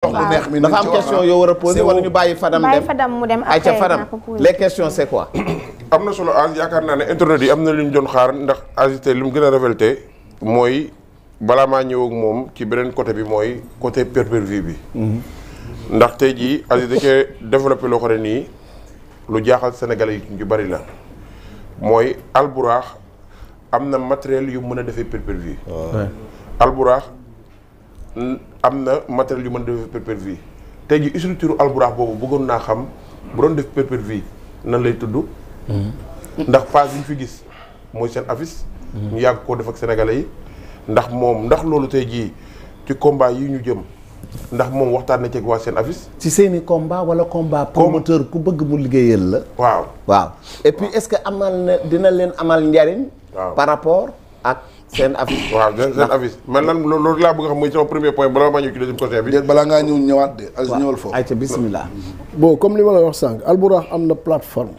waaw dafa am question yoo war a posé wala ñu bàyyi Fadam dem bàyyi Fadam mu dem après Fadam les questions c'est quoi. am na solo Aziz yaakaar naa ne internet yi am na lu ñu doon xaar ndax Aziz te li mu gën a révolté mooy balaa maa ñëw moom ci beneen côté bi mooy côté pay per bi. Mm-hmm. ndax tey jii Aziz da cee développé loo xam ne nii lu jaaxal sénégal yi ñu bari la mooy Alburax am na matériel yu mën a defee pay per am na matériel yu mën def pay-per-view tey ji structure Albourakh boobu bëggoon naa xam bu doon def pay-per-view nan lay tudd mhm. ndax phase yi ñu fi gis mooy seen affiche mhm. ñu yàgg koo def ak sénégalais yi ndax moom ndax loolu tey jii ci combat yi ñu jëm ndax moom waxtaan na ceeg waa seen affiche ci seeni combat wala combat promoteur ku bëgg mu liggéeyal la waaw waaw et puis est-ce que amal na dina leen amal njariñ par rapport ak seen avis. waaw seen avis man lan loolu laa bëgg a xam mooy sama premier point balaa maa ñëw ci deuxième conseil bi. déet balaa ngaa ñëw ñëwaat de. as ñëwal foofu ayca bismillah. bon comme li ma la wax sànq Albourakh am na plateforme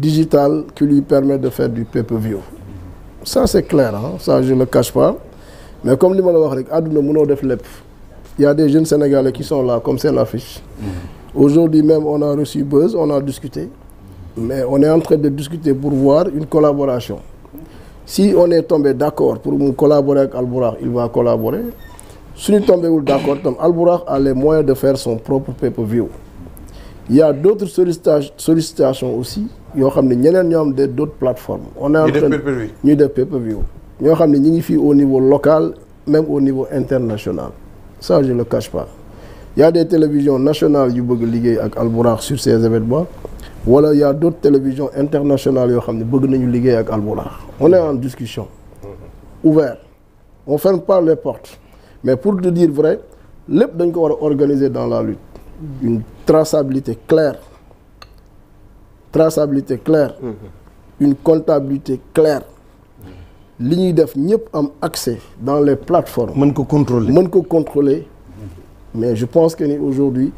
digitale qui lui permet de faire du pay-per-view ça c'est clair ah je le cache mais comme li ma la wax rek àdduna mënoo def lépp y a des jeunes sénégalais qui sont là comme seen affiche. Mm-hmm. aujourd'hui même on a reçu Buzz on a discuté. mais on est en train de discuter une collaboration. si on est tombé d'accord pour mu collaborer ak Albourakh il va collaborer suñu tombé wul d'accord tam Albourakh a les de faire son propre pay-per-view il y a d'autres sollicitas aussi yoo xam ne ñeneen ñoo am des d'autres plateformes. on est en train ñuy def pay per ñoo xam ne ñi ngi fii au niveau local même au niveau international ça je le cache pas il y a des télévisions nationales yu bëgg liggéey ak Albourakh sur ces événements wala y a d'autres télévisions internationales yoo xam ni bëgg nañu liggéey ak Alburakh on est en discussion mm-hmm. ouvert on ferme pas les portes mais pour te dire vrai lépp dañ ko war a organiser dans la lutte mm-hmm. une traçabilité claire traçabilité claire mm-hmm. une comptabilité claire li ñuy def ñëpp am accès dans les plateformes mën ko contrôler mën ko contrôler mais je pense que ni aujourd'hui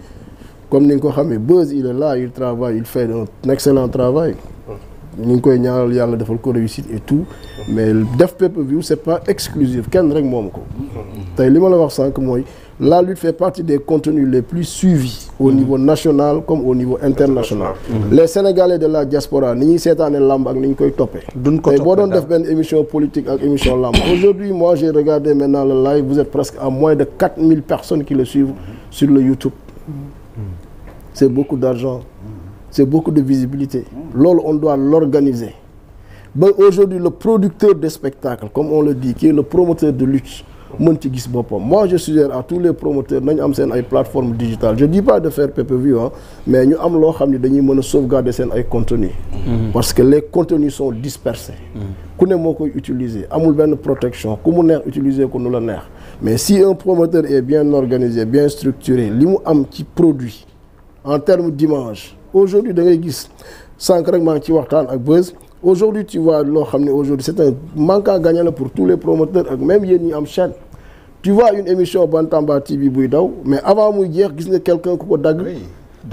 comme ni nga ko xamee Beuz il est là il travaille il fait excellent travail. ñu ngi koy ñaaral yàlla defal ko réussite et tout. mais def pay-per-view c'est pas exclusif kenn rek moomu ko. tey li ma la wax sànq mooy la lutte fait partie des contenus les plus suivis. au niveau national comme au niveau international. les sénégalais de la diaspora ni ñuy seetaane lamb ak ni ñu koy toppee. duñ ko toppee boo doon def benn émission politique ak émission lamb. aujourd'hui moi c'est beaucoup d'argent c'est beaucoup de visibilité loolu on doit l'organiser ba aujourd'hui le producteur de spectacle comme on le dit qui est promoteur de lutte mën ci gis boppam mois je suggère à tous les promoteurs nañu am seen ay plateformes digitales je dis pas de faire PPV ah mais ñu am loo xam ne dañuy mën a sauvegarder seen ay contenus mm-hmm. parce que les contenus sont dispersés mm-hmm. ku ne moo koy utiliser amul benn protection ku mu neex utiliser ko nu la neex mais si un promoteur est bien organisé bien structuré li mu am ci produit en termes d'image aujourd'hui da ngay gis sànq rek maa ngi ci waxtaan ak buzz aujourd'hui tu vois loo xam ne aujourd'hui c'est un manque à la pour tous les promoteurs ak même yéen ñi am chaîne tu vois une émission Bantamba TV buy daw mais avant muy jeex gis ne quelqu'un ku ko dagg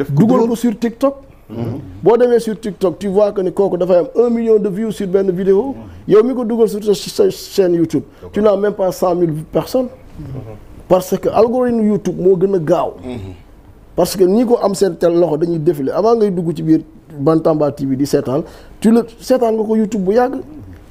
dugal ko sur TikTok mhm. boo demee sur TikTok tu vois que ni kooku dafay am un million de vues sur benn vidéo yow mi ko dugal sur sa chaîne YouTube tu n'as même pas cent mille personnes mhm. parce que algorithme YouTube moo gën a gaaw mhm. parce que ñi ko am seen tel loxo dañuy défilé avant ngay dugg ci biir Bantamba TV di seetaan tu le seetaan nga ko YouTube bu yàgg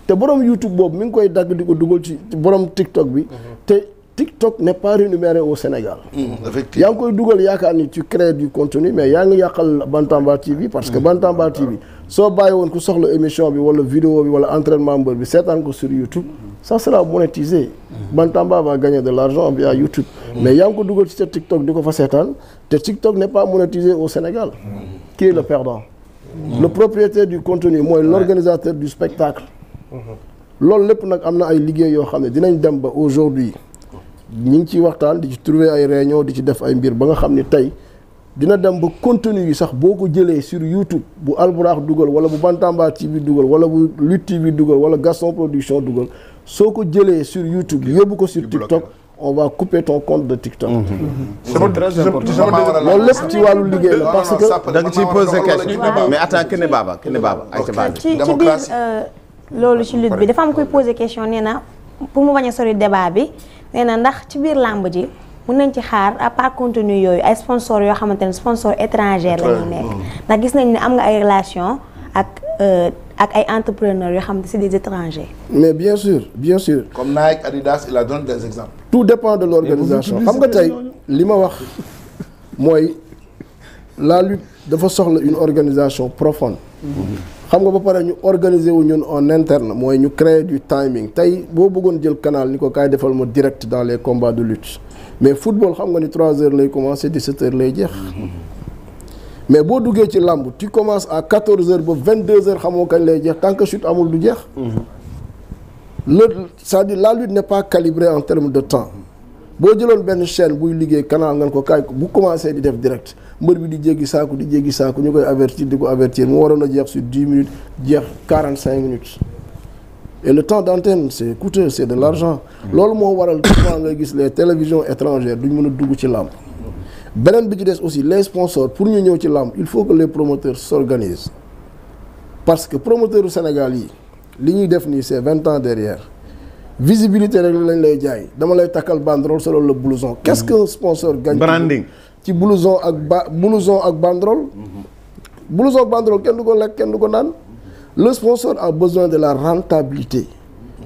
te borom YouTube boobu mi ngi koy dagg di ko dugal ci borom TikTok bi mhm. te TikTok ne pas numéro au Sénégal. Mm, effectivement yaa ngi koy dugal yaakaar ni ci crées du contenu mais yaa ngi yàqal Bantamba TV parce que mm. Bantamba TV. soo bàyyi woon ku soxla émission bi wala vidéo bi wala entraînement mbër bi seetaan ko sur YouTube ça sera monétisé Bantamba va gagner de l'argent via YouTube mais yaa ngi ko dugal ci sa TikTok di ko fa seetaan te TikTok n'est pas monétisé au Sénégal qui est le perdant le propriétaire du contenu mooy l'organisateur du spectacle loolu lépp nag am na ay liggéey yoo xam ne dinañ dem ba aujourd'hui ñi ngi ciy waxtaan di ci trouver ay réunion di ci def ay mbir ba nga xam ni tey dina dem ba contenu yi sax boo ko jëlee sur YouTube bu Alburaax dugal wala bu Bantamba TV dugal wala bu Lutte TV dugal wala Gaston Production dugal soo ko jëlee sur YouTube yóbbu ko sur TikTok on va couper ton compte de TikTok. Mhm. Mhm. c'est très important loolu lépp ci wàllu liggéey la parce que. da nga ciy poser question mais attends Kene Baba Kene ci biir euh, loolu ci lutte bi dafa am kuy poser question nee na pour mu bañ a sori débat bi nee na ndax ci biir làmb ji. mën nañ ci xaar a part contenu yooyu ay sponsor yoo xamante ne sponsor nekk ndax gis nañ ne am nga ay relation ak euh, ak ay entrepreneurs yoo xam ne c'est des mais bien sûr bien comme Nike Adidas il a des exemples. tout dépend de l'organisation xam nga tey li ma wax mooy la lutte dafa soxla une organisation profonde. xam nga ba pare ñu organiser wu ñun en interne mooy ñu créer du timing tey boo bëggoon jël canal ni ko kaay defal ma direct dans les combats de lut mais football xam nga ni trois heures lay commencé 17 heures lay jeex. mais boo duggee ci làmb tu commences à 14 heures ba 22 heures xamoo kañ lay jeex tant que chute amul du jeex. le c'est-à-dire la lutte n'est pas calibrée en termes de temps boo jëloon benn chaîne buy liggéey canal ngeen ko kaay bu commencé di def direct mbër bi di jéggi saaku di jéggi saaku ñu koy avertir di ko avertir mu waroon a jeex sur 10 minutes jeex 45 minutes. et le temps d'antenne c'est coûteux c'est de l'argent loolu moo waral tout le ngay gis les télévisions étrangères duñ mën a dugg ci làmb beneen bi ci des aussi les sponsors pour ñu ñëw ci làmb il faut que les promoteurs s'organisent parce que promoteur Sénégal yi li ñuy def nii c'est vingt ans derrière visibilité rek lañ lay jaay dama lay takkal banderole solo la blouson qu'est-ce qu'un sponsor gagne branding ci blouson ak ba blouson ak banderole mhm. blouson ak kenn du ko lekk kenn du ko naan le sponsor a besoin de la rentabilité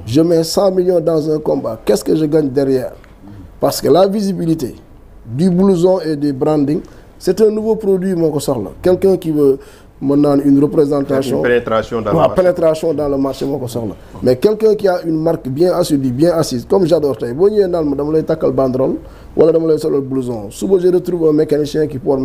je mets 100 millions dans un combat qu'est-ce que je gagne derrière parce que la visibilité du blouson et du branding c'est un nouveau produit moo ko soxla quelqu'un qui veut mën naa une représentation une pénétration dans waaw pénétration dans marché moo ko soxla mais quelqu'un qui a une marque bien assurée bien assise comme j'adore tey boo ñëwee naan ma dama lay takkal banderole wala dama lay solal blouson suba je retrouve un mécanicien qui porte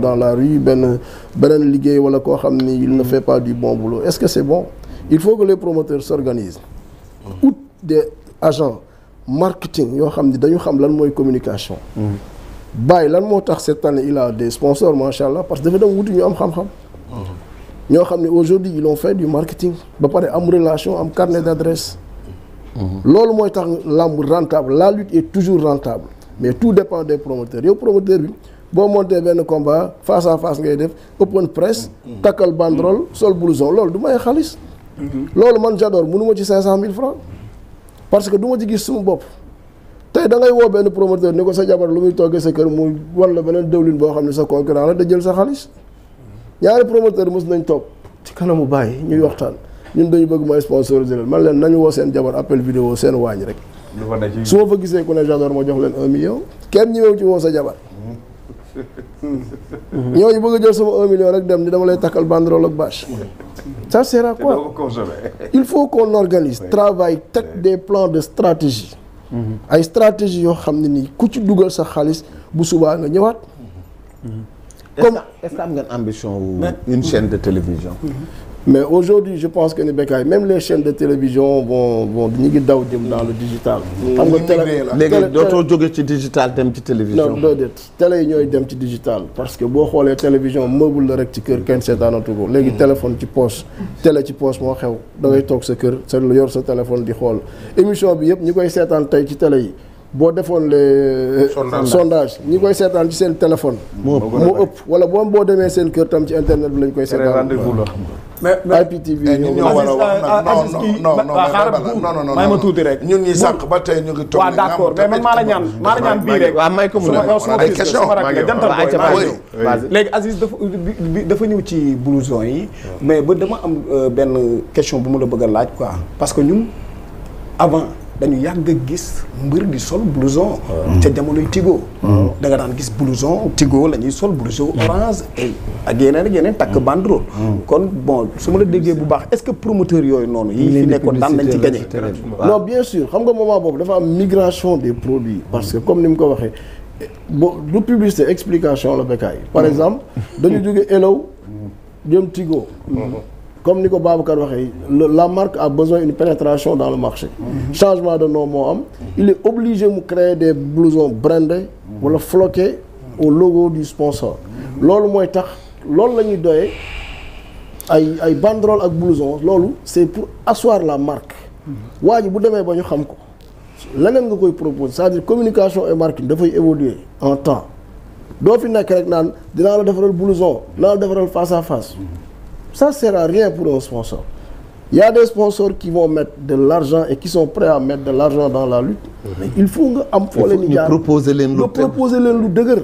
dans la rue benn beneen liggéey wala koo xam ni il ne fait pas du bon boulot est-ce que c'est bon il faut que les promoteurs s'organisent mm-hmm. out des agents marketing yoo xam ni dañu xam lan mooy communication mm-hmm. bàyyi moo tax cette il des sponsors macha allah parce que dafa ñu am xam ñoo xam ne aujourd'hui ils ont fait du marketing ba pare am relation am carnet d'adresse loolu mooy tax làmb rentable la lutte est toujours rentable mais tout dépend des promoteurs yow promoteur bi boo monté benn combat face à face ngay def open press takkal banderole sol blouson loolu du may xaalis loolu man j'adore mënu ci cinq cent mille francs parce que du ma ci gis suma bopp tey da ngay woo benn promoteur ni ko sa jabar lu muy toggee sa kër mu wan la beneen dëwlin boo xam ne sa concurrent la da jël sa xaalis ñaari promoteur mos nañ toog ci kanamu bàyyi ñuy waxtaan ñun dañu bëgg may sponsoriser leen man leen nañu woo seen jabar appel vidéo seen waañ rek su ma fa gisee ko ne gendarme ma jox leen un million kenn ñi mew ci woo sa jabar ñu bëgg a jël sama un million rek dem ni dama lay takkal banderole ak bâche ça sert il faut qu'on organise travaille teg des plans de stratégie mm-hmm. ay stratégie yoo xam ne ni ku ci dugal sa xaalis bu subaa nga ñëwaat mm-hmm. comme est am ngeen ambition wu une chaîne de télévision mm-hmm. mais aujourd'hui je pense que ni Bécaye même les chaînes de télévision vont vont ñu ngi daw jëm dans le digital mm-hmm. xam nga télé léegi dootoo jóge ci digital dem ci télévision non déedéet télé yi ñooy dem ci digital parce que boo xoolee télévision meuble la rek ci kër kenn seetaanatu ko léegi mm-hmm. téléphone ci poche télé ci poche moo xew da ngay toog sa kër sa yor sa téléphone di xool émission bi yëpp ñi koy seetaan tey ci télé yi boo defoon les euh, sondage ñi koy seetaan ci seen téléphone moo ëpp wala boo boo demee seen kër tam ci internet bi lañ koy seetaan mais IPTV eh, ñun ñoo war a wax non non non non non may ma tuuti rek ñun ñi sànq ba tey ñu ngi toog waaw d'accord mais la ñaan maa la ñaan bii rek waaw may ko mu ay question léegi Aziz dafa dafa ñëw ci blouson yi mais ba dama am euh, benn question bu mu la bëgg a laaj quoi parce que ñun avant dañu yàgg a gis mbër di sol blouson. Ah. ca jamonoy tigo. Ah. da nga daan gis blouson tigo la ñuy sol blouson hmm. orange ak yeneen ak yeneen takk hmm. banderole. Hmm. kon bon su ma la déggee bu baax est-ce que promoteur yooyu noonu. yi fi nekkoon daan nañ ci gagné. non bien sûr xam nga moment boobu dafa am migration de produits. parce que comme ni mu ko waxee boo du publicité explication la békaay. par exemple dañu jóge Elaw jëm tigo. comme ni ko Babacar waxee la marque a besoin une pénétration dans le marché mmh. changement de nom moo am il est obligé mu créer des blousons brandés wala floqués au logo du sponsor mhm. loolu mooy tax loolu la ñuy doyee ay ay banderole ak blouson loolu c'est pour asseoir la marque mhm. waa ji bu demee ba ñu xam ko leneen nga koy proposer cest dire communication et marketing dafay évoluer en temps doo fi nekk rek naan dinaa la defaral blouson dinaa la defaral face à face mhm. ca sert à rien pour un sponsor il y des sponsors qui vont mettre de l'argent et qui sont prêts à mettre de l'argent dans la lutte il faut nga am foo leen di proposer leen lu proposer leen lu dëgër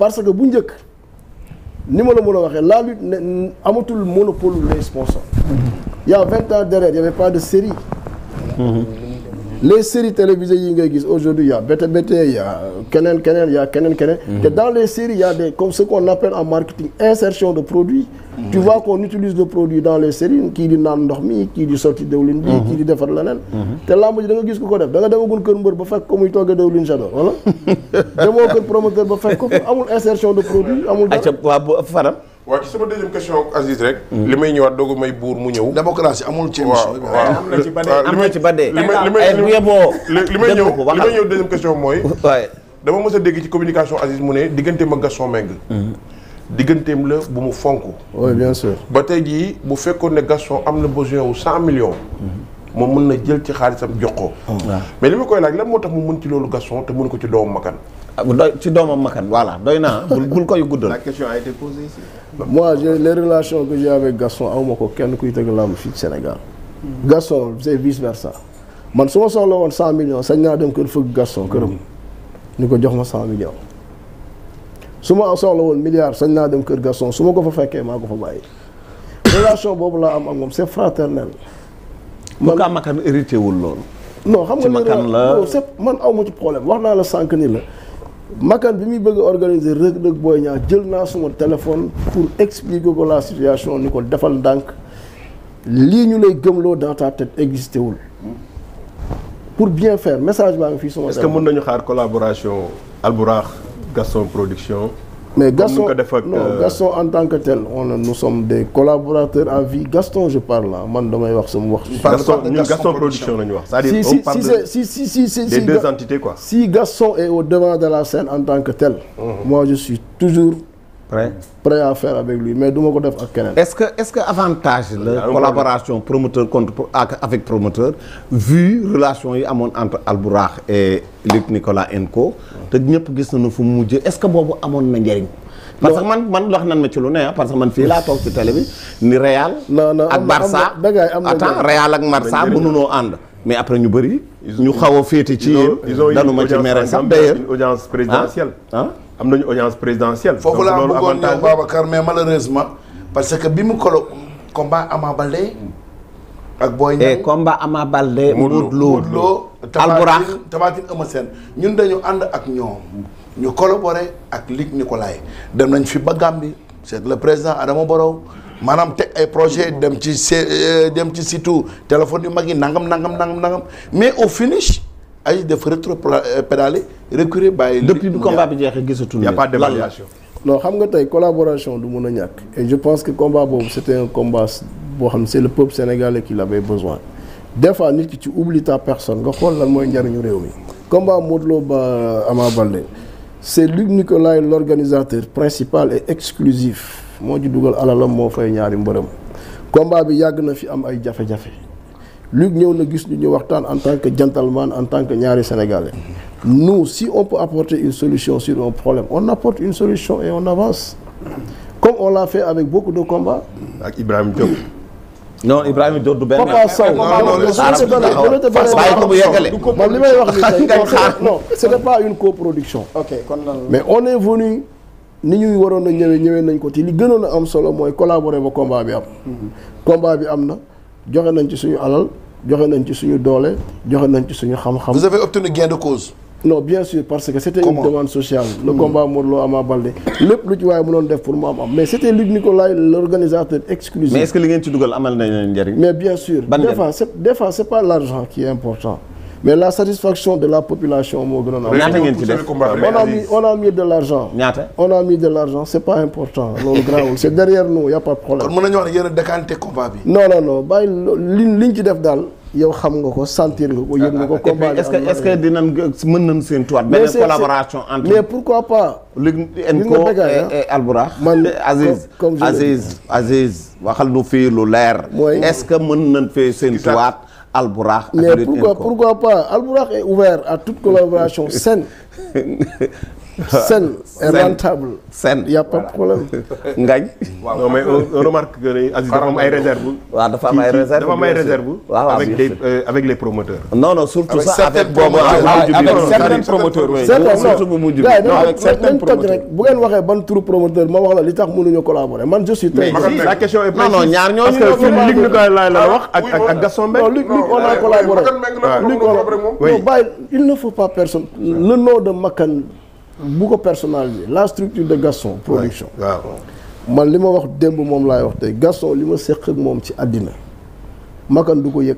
parce que bu njëkk ni ma la mën a waxee la lutte amatul monopole les sponsors il y a vingt ans derrière y avait pas de série mm-hmm. les séries télévisées yi ngay gis aujourd'hui y a bété bété keneen keneen y keneen keneen mhm. te dans les séries y a des comme ce qu'on appelle en marketing insertion de produits mmh. tu vois qu'on utilise le produit dans les séries kii di naan ndox mi kii di sotti dawlin bi mhm. kii di defar leneen mhm. te lamb ji da nga gis ku ko def da nga demagul kër mbër ba fekk ko muy toggee dawlin j'adore wala demoo kër promoteur ba fekk ko amul insertion de produit amul dara waaw bu faram waaw ci sama deuxième question ak rek. Mm. li may ñëwaat doog may buur mu ñëw. démocratie amul ci émission bi. waaw am na ci ba dee am na ci li may li may ñëw li may ñëw deuxième question mooy. dama mës a dégg ci communication Aziz mu ne digganteem ak Gaston Mbengue. Mm. digganteem la bu mu fonk. ba tey jii bu fekkoon ne Gaston am na besoin wu cent millions. Mm-hmm. moom mun na jël ci xaalisam jox ko. Oh. mais li ma koy laaj lan moo tax mu mën ci loolu Gaston te mënu ko ci doomu Makan. doy ci doomam makan voilà doy naa bul la question a été posée ici. les relations que j'ai avec ko kenn kuy tëgg làmb fii Sénégal. Gaston c'est man su ma soxla woon cent millions sañ naa dem kër fëgg Gaston këram. ni ko jox ma cent su ma soxla woon milliard sañ naa dem kër Gaston su ma ko fa fekkee maa ko fa bàyyi. relation boobu laa am ak moom c'est fraternel. man bu wul loolu. non xam nga ne man aw ma ci problème wax naa la sànq ni la. Makan bi muy bëgg a organiser Reug Reug Boy Niang jël naa suma téléphone pour expliquer ko la situation ni ko defal ndànk lii ñu lay gëmloo dans ta tête existé wul pour bien faire message baa ngi fii suma. est-ce que mën nañu xaar collaboration Alburax Gaston Production. mais Gaston non euh, Gaston en tant que tel on nous sommes des collaborateurs à vie Gaston je parle damay wax sama wax. Gaston la ñu wax. c'est-à-dire on parle si si si si des deux entités quoi. si Gaston est au devant de la scène en tant que tel. Mmh. moi je suis toujours. prêt prêt à faire mais du ko def ak keneen. est-ce que est-ce que avantage la collaboration promoteur contre avec promoteur vu relation yi amoon entre Albourakh et Luc Nicolas Enco te ñëpp gis nañu fu mu mujj est-ce que boobu amoon na njëriñ. parce que man man wax nan ma ci lu ne parce que man fii laa toog ci télé bi ni Real. ak Barça attends Real ak Barça mënunoo ànd. mais après ñu bëri. ñu xaw a féete ci yéen. danu ma ci mere sax d'ailleurs une audience présidentielle ah, ah. am nañu audience présidentielle. foofu laa bëggoon ñëw Babacar mais malheureusement. parce que bi mu kolo combat Ama Baldé ak Boy Niang eh, combat Ama Baldé. Modou Lo Modou Lo Alburax Tabaatine ñun dañu ànd ak ñoom. ñu collaboré ak Luc Nicolaï dem nañu fi ba gàmbi c'est le président Adama Barrow maanaam teg ay projet dem ci euh, dem ci surtout téléphone yu mag yi nangam nangam nangam nangam mais au finish. ay def rétropédalé reculer bàyyi. depuis bi combat bi jeex gisatul. y' a pas d'évaluation non xam nga tey collaboration du mun a ñàkk. et je pense que combat boobu c' était combat boo xam ne c' est le peuple sénégalais qui l' avait besoin des fois nit ki ci oublie ta personne nga xool lan mooy njariñu réew mi. combat Modou Lo ba Ama Baldé c' est Luc Nicolaï principal et exclusif moo ji dugal alalam moo fay ñaari mbërëm combat bi yàgg na fi am ay jafe lu ñëw na gis ñu ñu waxtaan en tant que gentleman en tant que ñaari sénégalais nous si on peut apporter une solution sur un problème on apporte une solution et on avance comme on l'a fait avec beaucoup de combats. ak Ibrahima Diop. non Ibrahima Diop du benn. Papa Sow ko bu yeggale li may wax nii non c'était pas une coproduction. kon lan mais on ni ñuy waroon a ñëwee ñëwee nañ ko ci li gënoon a am solo mooy collaborer ba combat bi am. Mm-hmm. combat bi am na. joxe nañ ci suñu alal joxe nañ ci suñu doole joxe nañ ci suñu xam-xam. vous avez obtenu gain de cause. non bien sûr parce que c' était Comment? une demande sociale. le mmh. combat Modou Lo Ama Baldé lu ci waaye mënoon def pour mu am am mais c' était Luc Nicolaï l' organisateur mais est li ngeen ci dugal amal nañ leen mais bien sûr. ban des fois c' pas l' qui est important. mais la satisfaction de la population moo gënoon am. ñaata ngeen ci def on a mis on a mis de l' argent. on a mis de l' argent pas important loolu grawul c' est derrière nous y' pas de kon mën nañu wax ne yéen a décanté combat bi. non non non bàyyi liñ liñ ci def daal. yow xam nga ko santir nga ko yëg nga ko. Ah, ah, ah, combat est-ce que est-ce que dinañ mën nañ seen tuwaat. benn collaboration entre mais pourquoi pas. Luc Enco et Albourakh man eh, Aziz comme Aziz Aziz waxal nu fii lu leer. est-ce que mën nañ fee seen tuwaat. Alburaax. ak mais pourquoi pourquoi pas Alburaax est ouvert à toute collaboration saine. saine a rentable. saine a pas de problème. ngañ. waaw non mais on remarque que Aziz dafa am ay réserve. waaw dafa am ay réserve dafa am ay réserve. waaw avec des euh, avec les promoteurs. non non surtout ça avec. Ah, avec certains promoteurs bu mujj bi non avec certains promoteurs rek bu ngeen waxee ban turu promoteur ma wax la li tax mënuñu collaborer man je suis. très la non non ah, non a a non bàyyi ah. il ne faut pas personne. le nom de Makan. bu ko personnalisé la structure de Gaston production waaw man li ma wax démb moom laay wax tey Gaston li ma séq ak moom ci àddina makan du ko yëg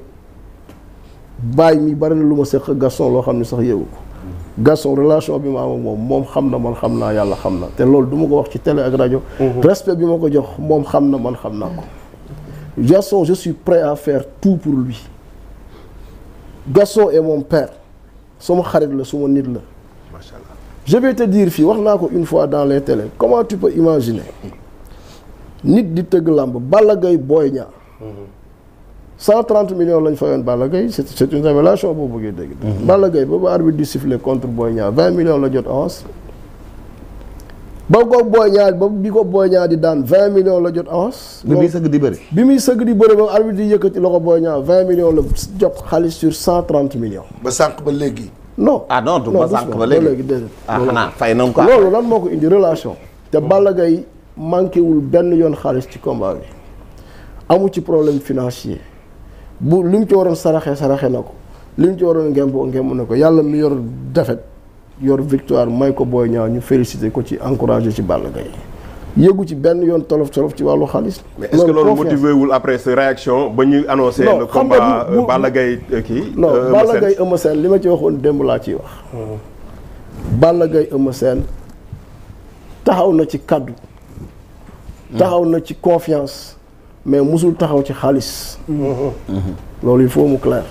bàyyi mi bari na lu ma séq ak Gaston loo xam ne sax yëgu ko Gaston relation bi ma am moom moom xam na man xam naa yàlla xam na te loolu du ma ko wax ci télé ak rajo mhm. respect bi ma ko jox moom xam na man xam naa ko Gaston je suis à faire tout pour lui Gaston est mon père sama xarit la suma nit la je vais te dire fii wax naa ko une fois dans les télé comment tu peux nit di tëgg làmb Balla gay booy Niang 130 millions lañ fayoon Balla Gaye c'est c'est une révélation boo bëggee dégg mhm. Balla Gaye ba ba arbitre di siffler contre Boy Niang 20 la jot avance ba ko Boy ñaar ba bi ko Boy ñaar di daan 20 millions la jot avance bi muy sëgg di bëri bi muy sëgg di bëri ba arbitre di yëkkati loxo Boy Niang 20 millions la jot xaalis sur 130 millions ba sànq ba léegi non ah non du ma sànq ba léegi ah xanaa fay nañ ko loolu lan moo ko indi relation te Balla gay manqué wul benn yoon xaalis ci combat bi amu ci problème financier bu li mu ci waroon saraxe saraxe na ko li mu ci waroon ngem boo ngem na ko yàlla mi yor defet yor victoire may ko booy ñaaw ñu félicité ko ci encouragé ci Balla gay yëgu ci benn yoon tolof tolof ci wàllu xaalis. mais est-ce que loolu motivé wul après sa réaction ba ñuy annoncé. le combat euh, Balla Gaye euh, kii. non euh, Balla li ma ci waxoon démb laa ciy wax. Balla Gaye Eumeu Sène taxaw na ci kàddu. taxaw na ci confiance mais mosul taxaw ci xaalis. loolu il faut mu clair.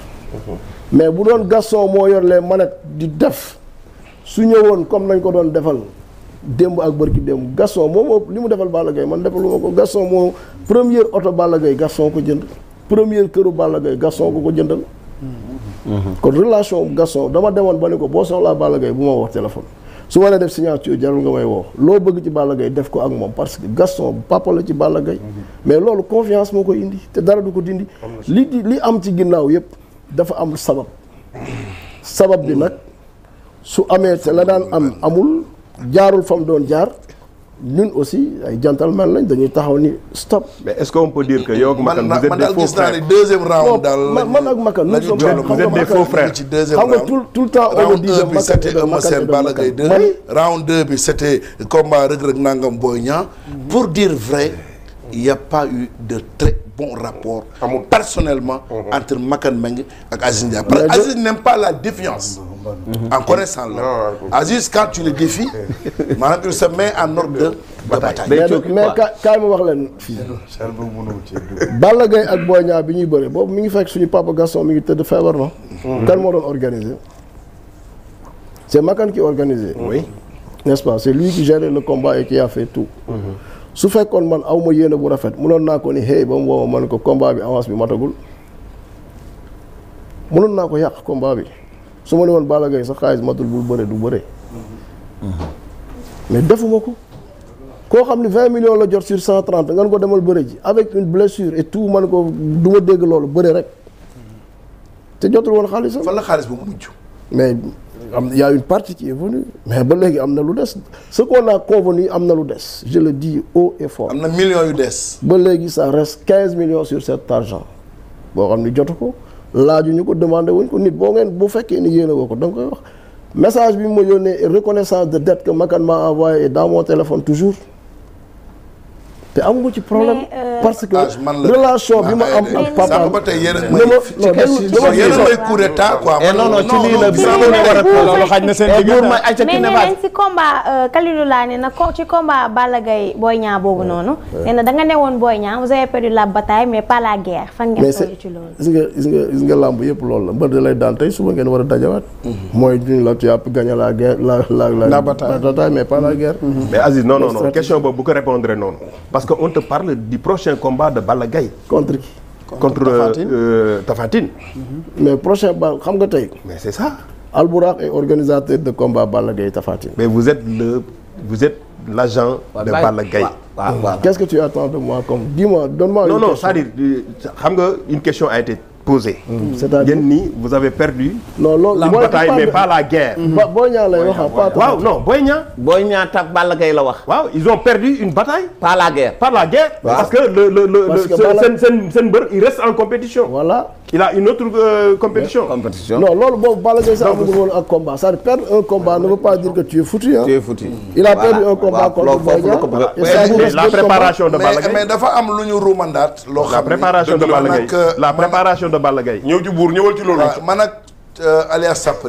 mais bu doon Gaston moo yor les di def su ñëwoon comme nañ ko doon defal. démb ak bërki démb Gaston moom li mu defal Balla gay man defaluma ko Gaston moom première oto Balla gay Gaston ko jënd première këru Balla gay Gaston ko ko jëndal kon relation Gaston dama demoon ba ne ko boo soxlaa Balla gay bu ma wax téléphone su ma nee def signature jarul nga may woo loo bëgg ci Balla gay def ko ak moom parce que Gaston papa la ci Balla Gaye mais loolu confiance moo koy indi te dara du ko dindi li di li am ci ginnaaw yëpp dafa am sabab sabab bi nag su amee la daan am amul jaarul fa doon jaar ñun aussi ay gentleman lañ dañuy taxaw ni stop. mais est-ce qu'on peut dire que yow ak Makan vous êtes des faux frères man daal gis naa ne deuxième round daal man ak Makan nous sommes vous êtes des faux frères ci deuxième round xam bi c'était combat Reug Reug nangam Boy Niang mhm. pour dire vrai il y a pas eu de très bon rapport personnellement mhm. entre Makan Mbengue ak Aziz Ndiaye parce que Aziz n'aime pas la défiance en connaissant la Aziz quand tu le défies eh. maanaam il se met en ordre de bataille mais kaay ma wax leen fii Balla Gaye ak Boy Niang bi ñuy bëre boobu mi ngi fekk suñu papa Gaston mi ngi tëdd feebar na mhm. kan moo doon organisé c'est Makan qui organisé nest pas c'est lui qui gérait le combat et qui a fait tout mhm. su fekkoon man aw ma yéene bu rafet mënoon naa ko ni hey ba mu woo ma man ko combat bi avance bi matagul mënoon naa ko yàq combat bi su ma ne woon Balla Gaye sa xaalis matul bul bëre du bëre mm-hmm. mais defuma ko koo xam ne vingt millions la jot sur cent trente nga ko demal bëre ji avec une blessure et tout man ko du ma dégg loolu bëre rek mm-hmm. te jotul woon xaalis fan la xaalis bu mujj mais am y a une partie qui est mais ba léegi am na lu des ce qu'on a convenu am na lu des je le dis haut et fort. am na millions yu des. ba léegi ça reste quinze millions sur cet argent boo xam ni jotu ko ñu ko demandé wuñ ko nit boo ngeen bu fekkee ni yéene woo ko da koy wax message bi ma yónnee reconnaissance de dette que m'a envoyé est dans mon téléphone toujours. te amu ci problème euh, parce que ah, relation bi ma am ak papa ba tey yéen may courir tard quoi eh, non non ci lii la bi loolu xaj na seen eh, digg ma ay mais nee nañ ci combat euh, Kalilou laa ne na ko ci combat Balla Gaye Boy Niang boobu noonu nee na da nga newoon Boy Niang vous avez perdu la bataille mais pas la guerre fan ngeen toll ci loolu gis nga gis nga gis nga làmb yëpp loolu la mbër da lay daan tey suba ngeen war a dajawaat mhm. mooy duñu la ci yàpp gagné la guerre la la la bataille mais pas la guerre mhm. mais Aziz non non non question boobu bu ko répondre noonu parce que on te parle du prochain combat de Balla Gaye contre qui contre Tafatine euh, euh, mm-hmm. mais prochain ba xam nga tey. mais c'est ça. Albourakh est organisateur de combat Balla Gaye Tafatine. mais vous êtes le vous êtes l'agent de Balla Gaye. waaw waaw qu'est-ce que tu attends de moi comme dis-moi donne-moi. Euh, xam nga une question a été posé. c'est-à-dire yéen nii vous avez perdu. non loolu la bataille mais pas la guerre. Boy Niang lay wax waaw non Boy Niang. Boy Niang tak Balla Gaye la wax. waaw ils ont perdu une bataille. par la guerre par la guerre. parce que le le le seen seen seen mbër il reste en compétition. voilà il a une autre euh, compétition. compétition non loolu boobu Balla Gaye sax amul woon ak combat c'est-à-dire perdre un combat ne veut pas dire que tu es foutu ah. tu es foutu il a perdu un combat contre Boy Niang. la préparation de Balla Gaye mais dafa am lu ñu rumandaat. loo xam ne la préparation de Balla Gaye la préparation de Balla Gaye ñëw ci buur ñëwal ci loolu. Ah, man ak euh, alias Sapp